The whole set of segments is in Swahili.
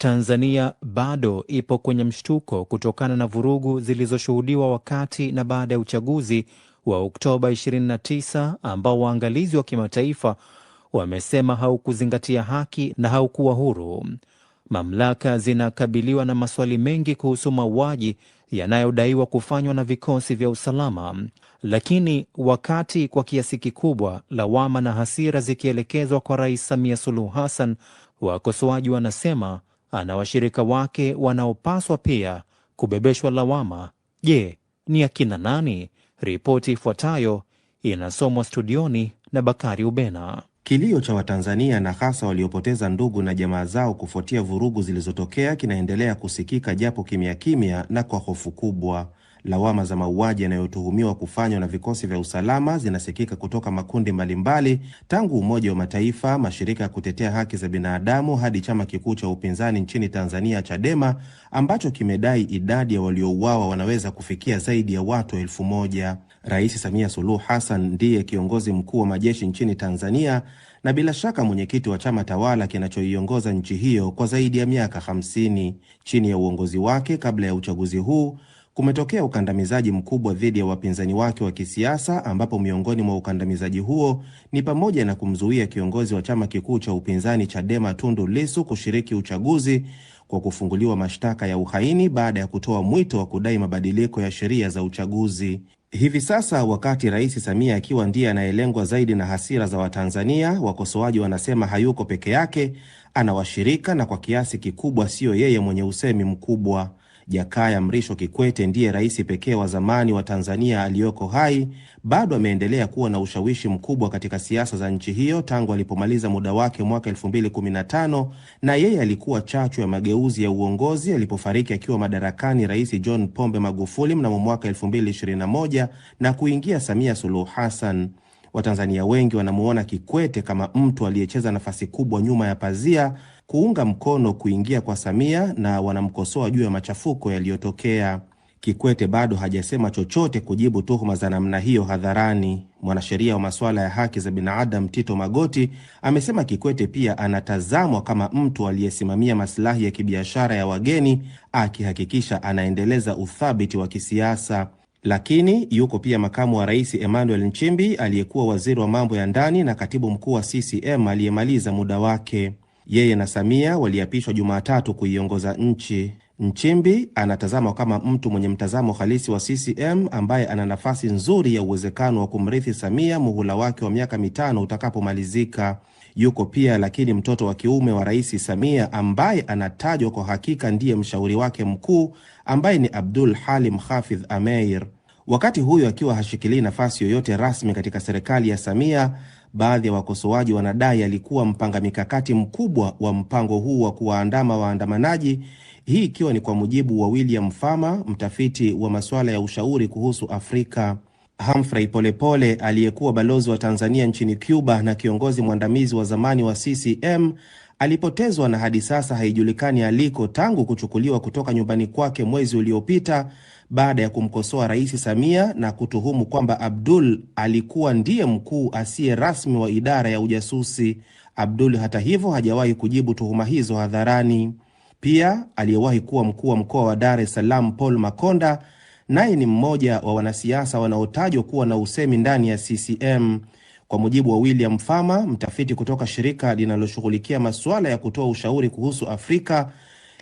Tanzania bado ipo kwenye mshtuko kutokana na vurugu zilizoshuhudiwa wakati na baada ya uchaguzi wa Oktoba 29 ambao waangalizi wa kimataifa wamesema haukuzingatia haki na haukuwa huru. Mamlaka zinakabiliwa na maswali mengi kuhusu mauaji yanayodaiwa kufanywa na vikosi vya usalama, lakini wakati kwa kiasi kikubwa lawama na hasira zikielekezwa kwa Rais Samia Suluhu Hassan, wakosoaji wanasema ana washirika wake wanaopaswa pia kubebeshwa lawama. Je, ni akina nani? Ripoti ifuatayo inasomwa studioni na Bakari Ubena. Kilio cha Watanzania na hasa waliopoteza ndugu na jamaa zao kufuatia vurugu zilizotokea kinaendelea kusikika japo kimya kimya na kwa hofu kubwa. Lawama za mauaji yanayotuhumiwa kufanywa na vikosi vya usalama zinasikika kutoka makundi mbalimbali, tangu Umoja wa Mataifa, mashirika ya kutetea haki za binadamu hadi chama kikuu cha upinzani nchini Tanzania, Chadema, ambacho kimedai idadi ya waliouawa wanaweza kufikia zaidi ya watu elfu moja. Rais Samia Suluhu Hassan ndiye kiongozi mkuu wa majeshi nchini Tanzania na bila shaka mwenyekiti wa chama tawala kinachoiongoza nchi hiyo kwa zaidi ya miaka 50. Chini ya uongozi wake, kabla ya uchaguzi huu kumetokea ukandamizaji mkubwa dhidi ya wapinzani wake wa kisiasa, ambapo miongoni mwa ukandamizaji huo ni pamoja na kumzuia kiongozi wa chama kikuu cha upinzani Chadema Tundu lisu kushiriki uchaguzi kwa kufunguliwa mashtaka ya uhaini baada ya kutoa mwito wa kudai mabadiliko ya sheria za uchaguzi. Hivi sasa wakati Rais Samia akiwa ndiye anayelengwa zaidi na hasira za Watanzania, wakosoaji wanasema hayuko peke yake, anawashirika na kwa kiasi kikubwa siyo yeye mwenye usemi mkubwa. Jakaya Mrisho Kikwete ndiye rais pekee wa zamani wa Tanzania aliyoko hai, bado ameendelea kuwa na ushawishi mkubwa katika siasa za nchi hiyo tangu alipomaliza muda wake mwaka 2015, na yeye alikuwa chachu ya mageuzi ya uongozi alipofariki akiwa madarakani Rais John Pombe Magufuli mnamo mwaka 2021 na kuingia Samia Suluhu Hassan. Watanzania wengi wanamuona Kikwete kama mtu aliyecheza nafasi kubwa nyuma ya pazia kuunga mkono kuingia kwa Samia na wanamkosoa juu ya machafuko yaliyotokea. Kikwete bado hajasema chochote kujibu tuhuma za namna hiyo hadharani. Mwanasheria wa masuala ya haki za binadamu Tito Magoti amesema Kikwete pia anatazamwa kama mtu aliyesimamia masilahi ya kibiashara ya wageni, akihakikisha anaendeleza uthabiti wa kisiasa. Lakini yuko pia makamu wa rais Emmanuel Nchimbi aliyekuwa waziri wa mambo ya ndani na katibu mkuu wa CCM aliyemaliza muda wake. Yeye na Samia waliapishwa Jumatatu kuiongoza nchi. Nchimbi anatazamwa kama mtu mwenye mtazamo halisi wa CCM ambaye ana nafasi nzuri ya uwezekano wa kumrithi Samia muhula wake wa miaka mitano utakapomalizika. Yuko pia lakini mtoto wa kiume wa Rais Samia ambaye anatajwa kwa hakika ndiye mshauri wake mkuu ambaye ni Abdul Halim Hafidh Ameir. Wakati huyo akiwa hashikilii nafasi yoyote rasmi katika serikali ya Samia, baadhi ya wakosoaji wanadai alikuwa mpanga mikakati mkubwa wa mpango huu wa kuwaandama waandamanaji, hii ikiwa ni kwa mujibu wa William Fama, mtafiti wa masuala ya ushauri kuhusu Afrika. Humphrey Polepole aliyekuwa balozi wa Tanzania nchini Cuba na kiongozi mwandamizi wa zamani wa CCM alipotezwa na hadi sasa haijulikani aliko tangu kuchukuliwa kutoka nyumbani kwake mwezi uliopita baada ya kumkosoa Rais Samia na kutuhumu kwamba Abdul alikuwa ndiye mkuu asiye rasmi wa idara ya ujasusi. Abdul hata hivyo hajawahi kujibu tuhuma hizo hadharani. Pia aliyewahi kuwa mkuu wa mkoa wa Dar es Salaam Paul Makonda naye ni mmoja wa wanasiasa wanaotajwa kuwa na usemi ndani ya CCM. Kwa mujibu wa William Fama, mtafiti kutoka shirika linaloshughulikia masuala ya kutoa ushauri kuhusu Afrika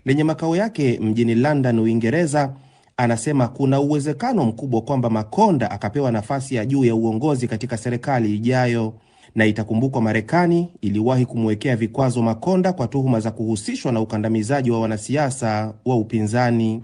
lenye makao yake mjini London, Uingereza, anasema kuna uwezekano mkubwa kwamba Makonda akapewa nafasi ya juu ya uongozi katika serikali ijayo. Na itakumbukwa Marekani iliwahi kumwekea vikwazo Makonda kwa tuhuma za kuhusishwa na ukandamizaji wa wanasiasa wa upinzani.